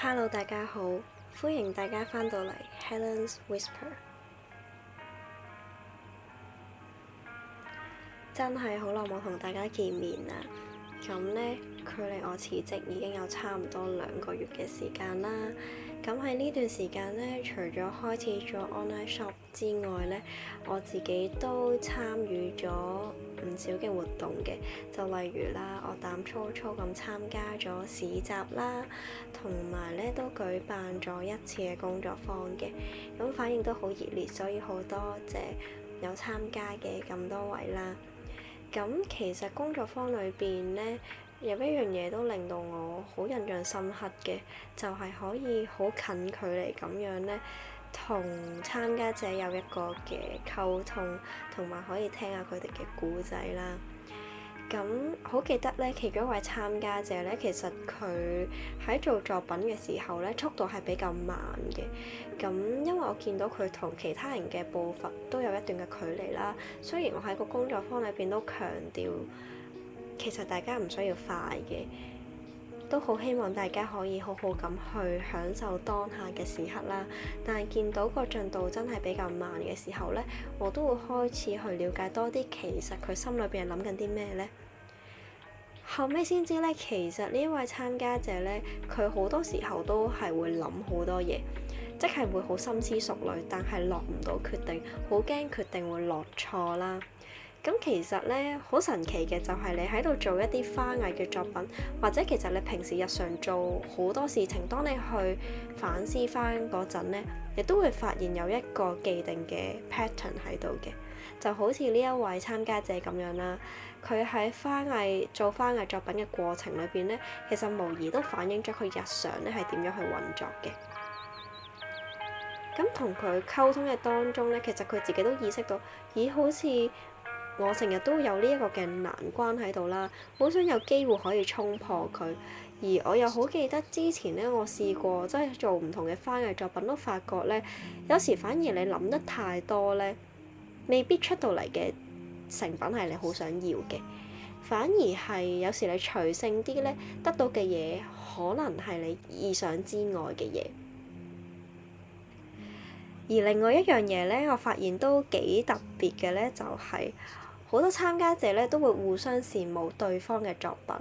Hello 大家好，歡迎大家翻到嚟 Helen's Whisper。Helen Whis 真係好耐冇同大家見面啦，咁呢，距離我辭職已經有差唔多兩個月嘅時間啦。咁喺呢段時間咧，除咗開始咗 online shop 之外咧，我自己都參與咗唔少嘅活動嘅。就例如啦，我膽粗粗咁參加咗市集啦，同埋咧都舉辦咗一次嘅工作坊嘅。咁反應都好熱烈，所以好多謝有參加嘅咁多位啦。咁其實工作坊裏邊咧～有一樣嘢都令到我好印象深刻嘅，就係可以好近距離咁樣咧，同參加者有一個嘅溝通，同埋可以聽下佢哋嘅故仔啦。咁好記得咧，其中一位參加者咧，其實佢喺做作品嘅時候咧，速度係比較慢嘅。咁因為我見到佢同其他人嘅步伐都有一段嘅距離啦。雖然我喺個工作坊裏邊都強調，其實大家唔需要快嘅，都好希望大家可以好好咁去享受當下嘅時刻啦。但係見到個進度真係比較慢嘅時候呢，我都會開始去了解多啲，其實佢心裏邊係諗緊啲咩呢？後尾先知呢，其實呢一位參加者呢，佢好多時候都係會諗好多嘢，即係會好深思熟慮，但係落唔到決定，好驚決定會落錯啦。咁其實咧，好神奇嘅就係你喺度做一啲花藝嘅作品，或者其實你平時日常做好多事情，當你去反思翻嗰陣咧，亦都會發現有一個既定嘅 pattern 喺度嘅，就好似呢一位參加者咁樣啦。佢喺花藝做花藝作品嘅過程裏邊咧，其實無疑都反映咗佢日常咧係點樣去運作嘅。咁同佢溝通嘅當中咧，其實佢自己都意識到，咦，好似～我成日都有呢一個嘅難關喺度啦，好想有機會可以衝破佢。而我又好記得之前咧，我試過即係做唔同嘅翻譯作品，都發覺咧，有時反而你諗得太多咧，未必出到嚟嘅成品係你好想要嘅，反而係有時你隨性啲咧得到嘅嘢，可能係你意想之外嘅嘢。而另外一樣嘢咧，我發現都幾特別嘅咧，就係、是。好多參加者咧都會互相羨慕對方嘅作品，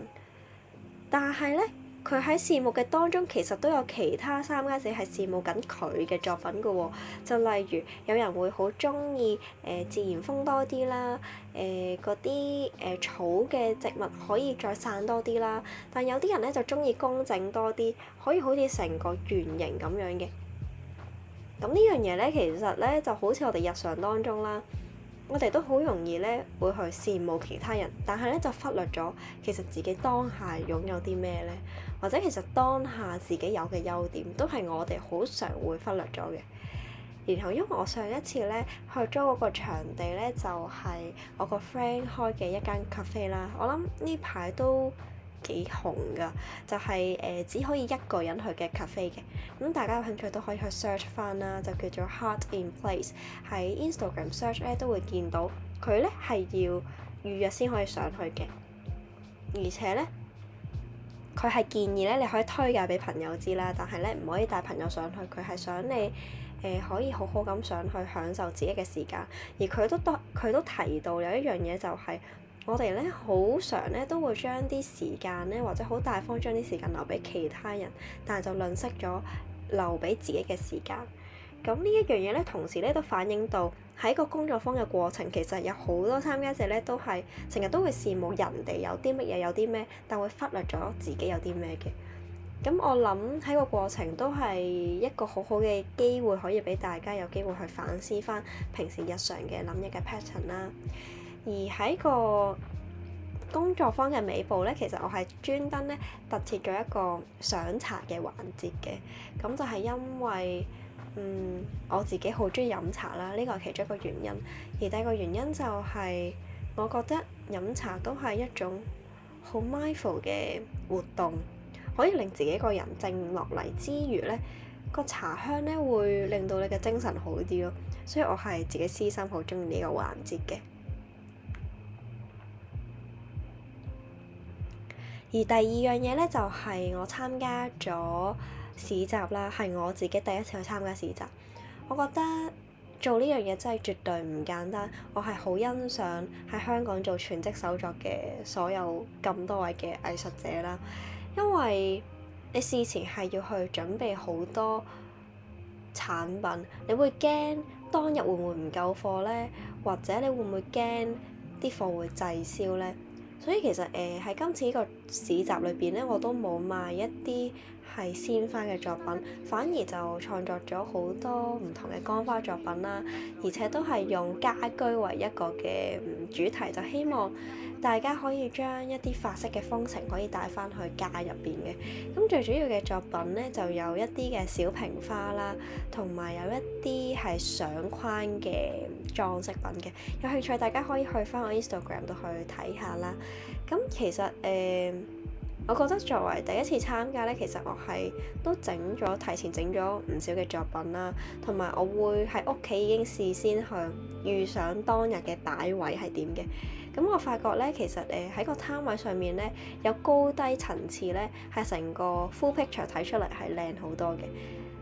但係咧佢喺羨慕嘅當中，其實都有其他參加者係羨慕緊佢嘅作品嘅喎。就例如有人會好中意誒自然風多啲啦，誒嗰啲誒草嘅植物可以再散多啲啦。但有啲人咧就中意工整多啲，可以好似成個圓形咁樣嘅。咁呢樣嘢咧，其實咧就好似我哋日常當中啦。我哋都好容易咧，會去羨慕其他人，但係咧就忽略咗其實自己當下擁有啲咩咧，或者其實當下自己有嘅優點，都係我哋好常會忽略咗嘅。然後因為我上一次咧去租嗰個場地咧，就係、是、我個 friend 開嘅一間 cafe 啦。我諗呢排都幾紅㗎，就係、是、誒、呃、只可以一個人去嘅 cafe 嘅。咁大家有興趣都可以去 search 翻啦，就叫做 Heart in Place。喺 Instagram search 咧都會見到，佢咧係要預約先可以上去嘅。而且咧，佢係建議咧你可以推介俾朋友知啦，但係咧唔可以帶朋友上去。佢係想你誒可以好好咁上去享受自己嘅時間。而佢都都佢都提到有一樣嘢就係、是。我哋咧好常咧都會將啲時間咧，或者好大方將啲時間留俾其他人，但係就吝惜咗留俾自己嘅時間。咁呢一樣嘢咧，同時咧都反映到喺個工作坊嘅過程，其實有好多參加者咧都係成日都會羨慕人哋有啲乜嘢，有啲咩，但會忽略咗自己有啲咩嘅。咁我諗喺個過程都係一個好好嘅機會，可以俾大家有機會去反思翻平時日常嘅諗嘢嘅 pattern 啦。而喺個工作坊嘅尾部咧，其實我係專登咧特設咗一個賞茶嘅環節嘅。咁就係因為，嗯，我自己好中意飲茶啦，呢、這個係其中一個原因。而第二個原因就係、是、我覺得飲茶都係一種好 mindful 嘅活動，可以令自己一個人靜落嚟之餘咧，個茶香咧會令到你嘅精神好啲咯。所以我係自己私心好中意呢個環節嘅。而第二樣嘢咧，就係我參加咗市集啦，係我自己第一次去參加市集。我覺得做呢樣嘢真係絕對唔簡單。我係好欣賞喺香港做全職手作嘅所有咁多位嘅藝術者啦，因為你事前係要去準備好多產品，你會驚當日會唔會唔夠貨咧，或者你會唔會驚啲貨會滯銷咧？所以其實誒喺、呃、今次呢個市集裏邊咧，我都冇賣一啲係鮮花嘅作品，反而就創作咗好多唔同嘅乾花作品啦，而且都係用家居為一個嘅主題，就希望，大家可以將一啲法式嘅風情可以帶翻去家入邊嘅。咁最主要嘅作品呢，就有一啲嘅小瓶花啦，同埋有一啲係相框嘅裝飾品嘅。有興趣大家可以去翻我 Instagram 度去睇下啦。咁其實誒、呃，我覺得作為第一次參加呢，其實我係都整咗提前整咗唔少嘅作品啦，同埋我會喺屋企已經事先去預想當日嘅擺位係點嘅。咁我發覺咧，其實誒喺個攤位上面咧，有高低層次咧，係成個 full picture 睇出嚟係靚好多嘅。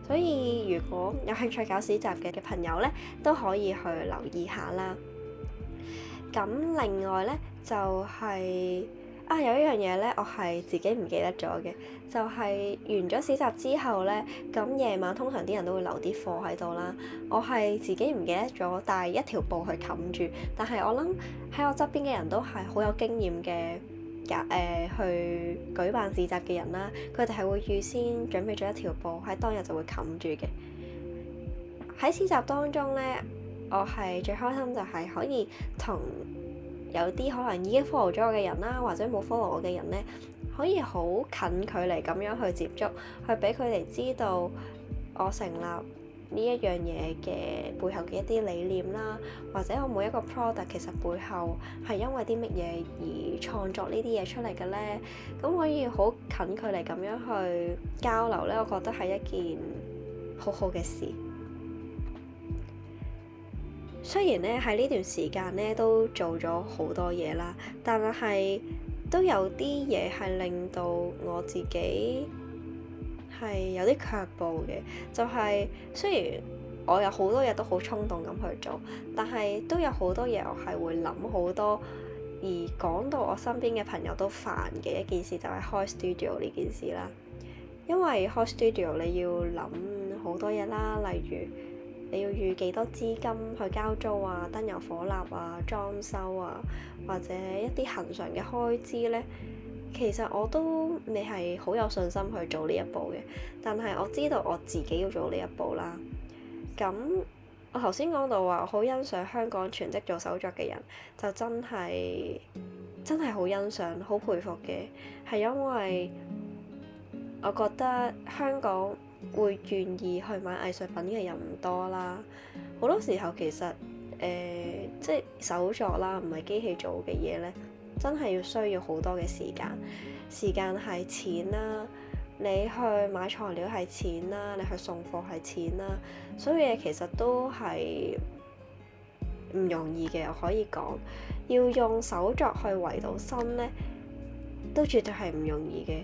所以如果有興趣搞市集嘅嘅朋友咧，都可以去留意下啦。咁另外咧就係、是。啊有一樣嘢咧，我係自己唔記得咗嘅，就係、是、完咗市集之後咧，咁夜晚通常啲人都會留啲貨喺度啦。我係自己唔記得咗，但係帶一條布去冚住。但係我諗喺我側邊嘅人都係好有經驗嘅，假、呃、去舉辦市集嘅人啦，佢哋係會預先準備咗一條布喺當日就會冚住嘅。喺市集當中咧，我係最開心就係可以同。有啲可能已經 follow 咗我嘅人啦，或者冇 follow 我嘅人咧，可以好近距離咁樣去接觸，去俾佢哋知道我成立呢一樣嘢嘅背後嘅一啲理念啦，或者我每一個 product 其實背後係因為啲乜嘢而創作呢啲嘢出嚟嘅咧，咁可以好近距離咁樣去交流咧，我覺得係一件好好嘅事。雖然咧，喺呢段時間咧，都做咗好多嘢啦，但係都有啲嘢係令到我自己係有啲卻步嘅。就係、是、雖然我有好多嘢都好衝動咁去做，但係都有好多嘢我係會諗好多。而講到我身邊嘅朋友都煩嘅一件事就係、是、開 studio 呢件事啦，因為開 studio 你要諗好多嘢啦，例如，你要預幾多資金去交租啊、燈油火蠟啊、裝修啊，或者一啲恆常嘅開支呢？其實我都未係好有信心去做呢一步嘅，但係我知道我自己要做呢一步啦。咁我頭先講到話，我好欣賞香港全職做手作嘅人，就真係真係好欣賞、好佩服嘅，係因為我覺得香港。會願意去買藝術品嘅人唔多啦，好多時候其實誒、呃，即係手作啦，唔係機器做嘅嘢咧，真係要需要好多嘅時間，時間係錢啦，你去買材料係錢啦，你去送貨係錢啦，所以嘢其實都係唔容易嘅，我可以講，要用手作去維到生咧，都絕對係唔容易嘅。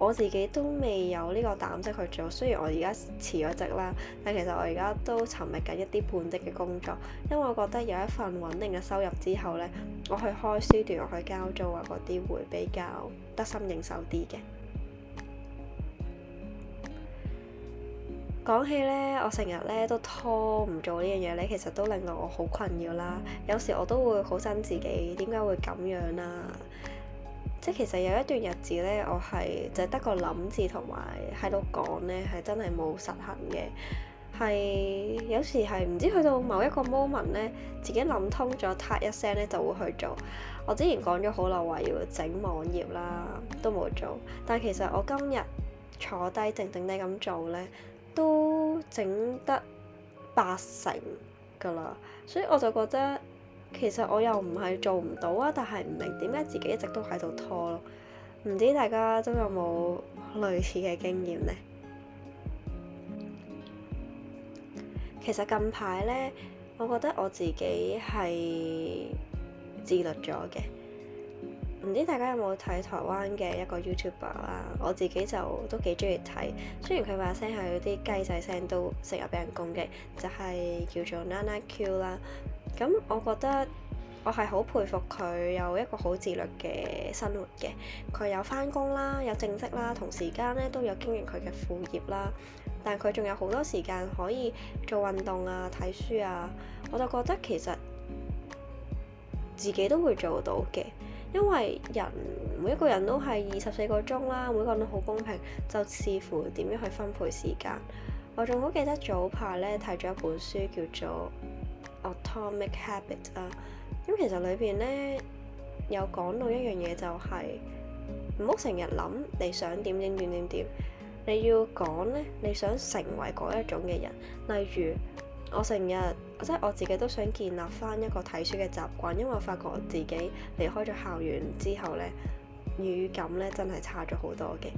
我自己都未有呢個膽識去做，雖然我而家辭咗職啦，但其實我而家都尋覓緊一啲半職嘅工作，因為我覺得有一份穩定嘅收入之後呢，我去開書店，我去交租啊嗰啲會比較得心應手啲嘅。講起呢，我成日呢都拖唔做呢樣嘢，呢其實都令到我好困擾啦。有時我都會好憎自己，點解會咁樣啦、啊。即其實有一段日子咧，我係就係、得個諗字同埋喺度講咧，係真係冇實行嘅。係有時係唔知去到某一個 moment 咧，自己諗通咗，嗒一聲咧就會去做。我之前講咗好耐話要整網頁啦，都冇做。但係其實我今日坐低靜靜地咁做咧，都整得八成㗎啦。所以我就覺得。其實我又唔係做唔到啊，但係唔明點解自己一直都喺度拖咯，唔知大家都有冇類似嘅經驗呢？其實近排呢，我覺得我自己係自律咗嘅，唔知大家有冇睇台灣嘅一個 YouTuber 啊？我自己就都幾中意睇，雖然佢把聲係啲雞仔聲，都成日俾人攻擊，就係、是、叫做 Nana Q 啦。咁我覺得我係好佩服佢有一個好自律嘅生活嘅，佢有翻工啦，有正職啦，同時間咧都有經營佢嘅副業啦，但佢仲有好多時間可以做運動啊、睇書啊，我就覺得其實自己都會做到嘅，因為人每一個人都係二十四個鐘啦，每個人都好公平，就視乎點樣去分配時間。我仲好記得早排咧睇咗一本書叫做 Atomic habit 啊，咁其實裏邊咧有講到一樣嘢，就是，就係唔好成日諗你想點點點點點，你要講咧你想成為嗰一種嘅人。例如我成日，即、就、係、是、我自己都想建立翻一個睇書嘅習慣，因為我發覺我自己離開咗校園之後咧語感咧真係差咗好多嘅，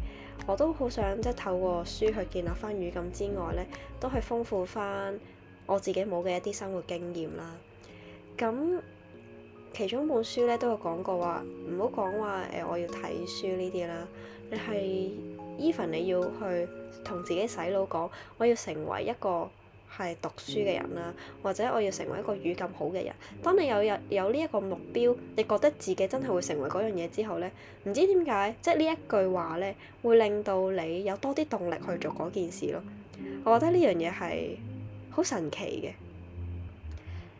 我都好想即係、就是、透過書去建立翻語感之外咧，都係豐富翻。我自己冇嘅一啲生活經驗啦。咁其中本書咧都有講過話，唔好講話誒，我要睇書呢啲啦。你係 even 你要去同自己洗腦講，我要成為一個係讀書嘅人啦，或者我要成為一個語感好嘅人。當你有日有呢一個目標，你覺得自己真係會成為嗰樣嘢之後咧，唔知點解即係呢一句話咧，會令到你有多啲動力去做嗰件事咯。我覺得呢樣嘢係。好神奇嘅，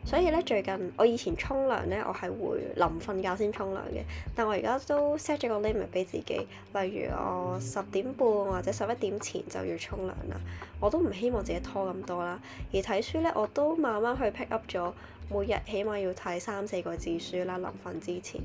所以咧最近我以前沖涼咧，我係會臨瞓覺先沖涼嘅，但我而家都 set 咗個 limit 俾自己，例如我十點半或者十一點前就要沖涼啦，我都唔希望自己拖咁多啦。而睇書咧，我都慢慢去 pick up 咗，每日起碼要睇三四個字書啦。臨瞓之前，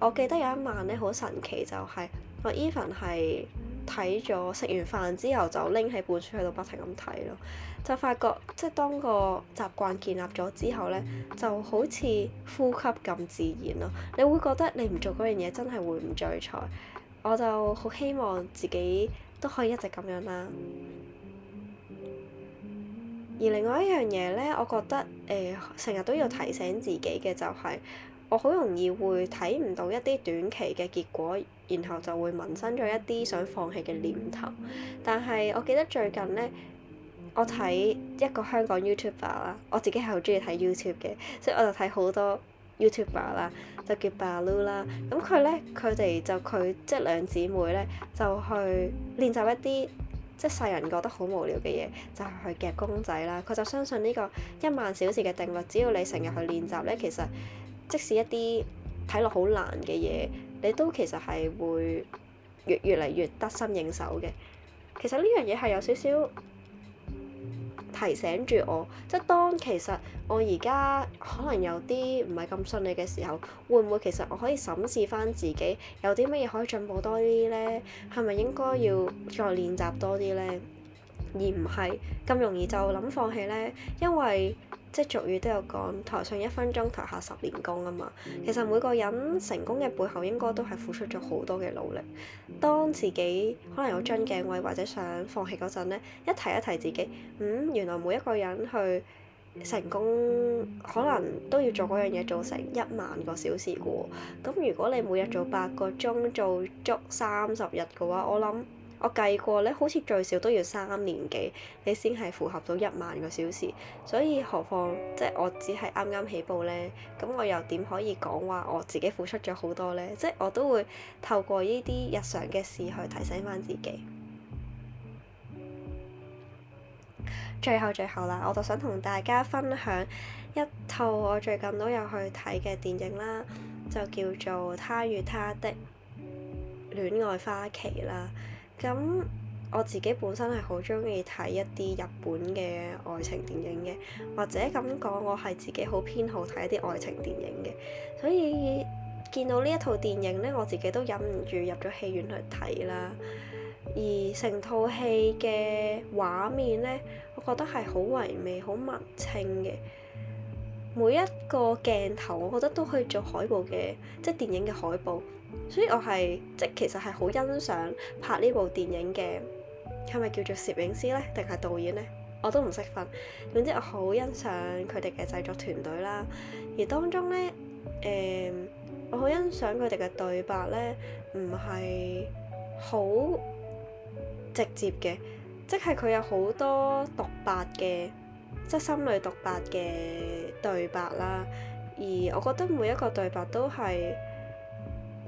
我記得有一晚咧好神奇，就係，就係我 even 係。睇咗食完飯之後就拎起本書喺度不停咁睇咯，就發覺即係當個習慣建立咗之後咧，就好似呼吸咁自然咯。你會覺得你唔做嗰樣嘢真係會唔聚財，我就好希望自己都可以一直咁樣啦。而另外一樣嘢咧，我覺得誒成日都要提醒自己嘅就係，我好容易會睇唔到一啲短期嘅結果，然後就會萌生咗一啲想放棄嘅念頭。但係我記得最近咧，我睇一個香港 YouTuber 啦，我自己係好中意睇 YouTube 嘅，所以我就睇好多 YouTuber 啦，就叫 Baloo 啦。咁佢咧，佢哋就佢即係兩姊妹咧，就去練習一啲。即世人覺得好無聊嘅嘢，就係去夾公仔啦。佢就相信呢個一萬小時嘅定律，只要你成日去練習咧，其實即使一啲睇落好難嘅嘢，你都其實係會越越嚟越得心應手嘅。其實呢樣嘢係有少少。提醒住我，即當其實我而家可能有啲唔係咁順利嘅時候，會唔會其實我可以審視返自己，有啲乜嘢可以進步多啲咧？係咪應該要再練習多啲咧？而唔係咁容易就諗放棄咧，因為。即俗語都有講，台上一分鐘，台下十年功啊嘛。其實每個人成功嘅背後，應該都係付出咗好多嘅努力。當自己可能有樽頸位或者想放棄嗰陣咧，一提一提自己，嗯，原來每一個人去成功，可能都要做嗰樣嘢做成一萬個小時嘅喎。咁如果你每日做八個鐘，做足三十日嘅話，我諗。我計過咧，好似最少都要三年幾，你先係符合到一萬個小時。所以何況即係、就是、我只係啱啱起步咧，咁我又點可以講話我自己付出咗好多咧？即、就、係、是、我都會透過呢啲日常嘅事去提醒返自己。最後最後啦，我就想同大家分享一套我最近都有去睇嘅電影啦，就叫做《他與她的戀愛花期》啦。咁我自己本身係好中意睇一啲日本嘅愛情電影嘅，或者咁講，我係自己好偏好睇一啲愛情電影嘅。所以見到呢一套電影咧，我自己都忍唔住入咗戲院去睇啦。而成套戲嘅畫面咧，我覺得係好唯美、好文青嘅。每一個鏡頭，我覺得都可以做海報嘅，即係電影嘅海報。所以我係，即其實係好欣賞拍呢部電影嘅，係咪叫做攝影師呢？定係導演呢？我都唔識分。總之我好欣賞佢哋嘅製作團隊啦，而當中呢，誒、嗯，我好欣賞佢哋嘅對白呢，唔係好直接嘅，即係佢有好多獨白嘅，即係心裏獨白嘅對白啦。而我覺得每一個對白都係。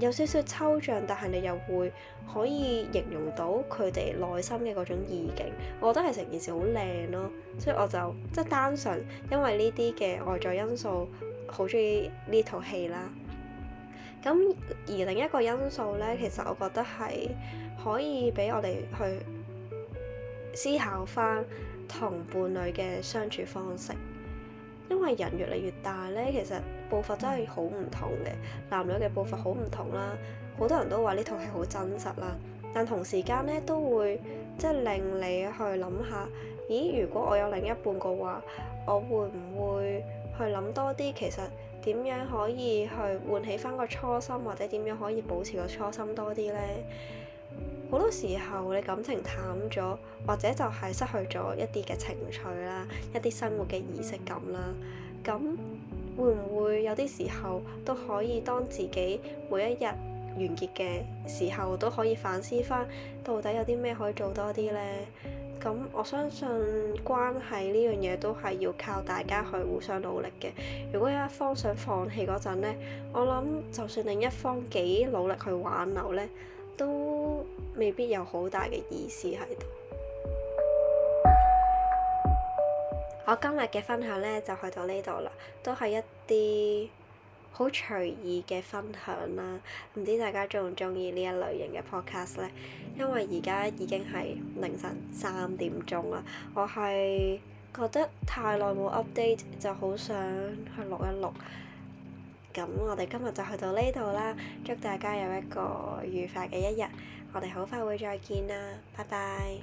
有少少抽象，但係你又會可以形容到佢哋內心嘅嗰種意境，我覺得係成件事好靚咯。所以我就即係單純因為呢啲嘅外在因素，好中意呢套戲啦。咁而另一個因素呢，其實我覺得係可以俾我哋去思考翻同伴侶嘅相處方式。因為人越嚟越大咧，其實步伐真係好唔同嘅，男女嘅步伐好唔同啦。好多人都話呢套戲好真實啦，但同時間咧都會即係令你去諗下：咦，如果我有另一半嘅話，我會唔會去諗多啲？其實點樣可以去喚起翻個初心，或者點樣可以保持個初心多啲呢？好多時候，你感情淡咗，或者就係失去咗一啲嘅情趣啦，一啲生活嘅儀式感啦，咁會唔會有啲時候都可以當自己每一日完結嘅時候都可以反思返，到底有啲咩可以做多啲呢？咁我相信關係呢樣嘢都係要靠大家去互相努力嘅。如果有一方想放棄嗰陣呢，我諗就算另一方幾努力去挽留呢，都未必有好大嘅意思喺度。我今日嘅分享呢，就去到呢度啦，都係一啲好隨意嘅分享啦。唔知大家中唔中意呢一類型嘅 podcast 呢？因為而家已經係凌晨三點鐘啦，我係覺得太耐冇 update，就好想去錄一錄。咁我哋今日就去到呢度啦，祝大家有一個愉快嘅一日，我哋好快會再見啦，拜拜。